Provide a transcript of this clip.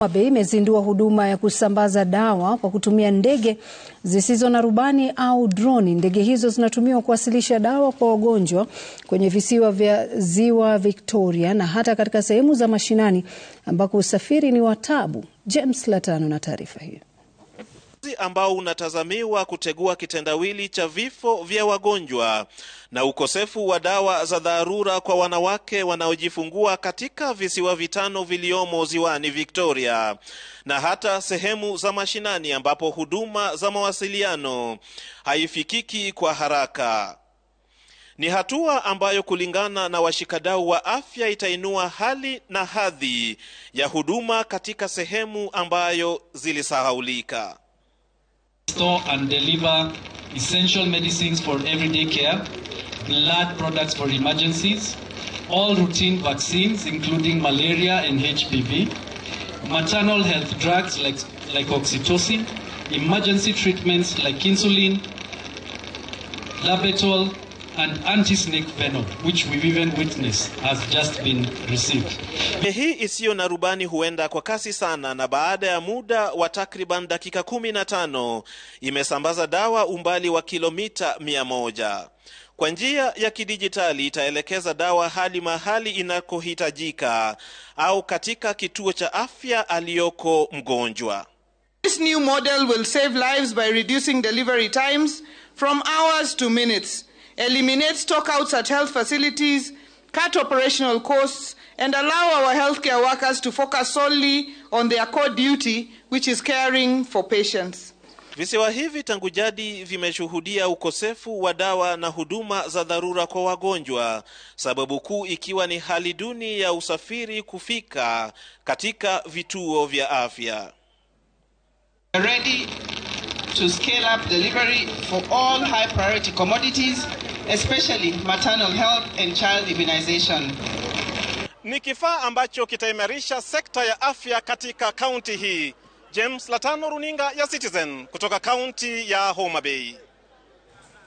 Abe imezindua huduma ya kusambaza dawa kwa kutumia ndege zisizo na rubani au droni. Ndege hizo zinatumiwa kuwasilisha dawa kwa wagonjwa kwenye visiwa vya Ziwa Victoria na hata katika sehemu za mashinani ambako usafiri ni wa taabu. James Latano na taarifa hiyo uchunguzi ambao unatazamiwa kutegua kitendawili cha vifo vya wagonjwa na ukosefu wa dawa za dharura kwa wanawake wanaojifungua katika visiwa vitano viliomo ziwani Victoria na hata sehemu za mashinani ambapo huduma za mawasiliano haifikiki kwa haraka. Ni hatua ambayo kulingana na washikadau wa afya itainua hali na hadhi ya huduma katika sehemu ambayo zilisahaulika. store and deliver essential medicines for everyday care, blood products for emergencies, all routine vaccines, including malaria and HPV, maternal health drugs like, like oxytocin, emergency treatments like insulin, labetol, an anti-snake venom which we've even witnessed has just been received. Hii isiyo na rubani huenda kwa kasi sana na baada ya muda wa takriban dakika kumi na tano imesambaza dawa umbali wa kilomita mia moja. Kwa njia ya kidijitali itaelekeza dawa hadi mahali inakohitajika au katika kituo cha afya aliyoko mgonjwa. This new model will save lives by reducing delivery times from hours to minutes eliminate stockouts at health facilities, cut operational costs, and allow our healthcare workers to focus solely on their core duty, which is caring for patients. Visiwa hivi tangu jadi vimeshuhudia ukosefu wa dawa na huduma za dharura kwa wagonjwa, sababu kuu ikiwa ni hali duni ya usafiri kufika katika vituo vya afya. Ready to scale up delivery for all high priority commodities especially maternal health and child immunization. Ni kifaa ambacho kitaimarisha sekta ya afya katika kaunti hii. James Latano, runinga ya Citizen kutoka kaunti ya Homa Bay.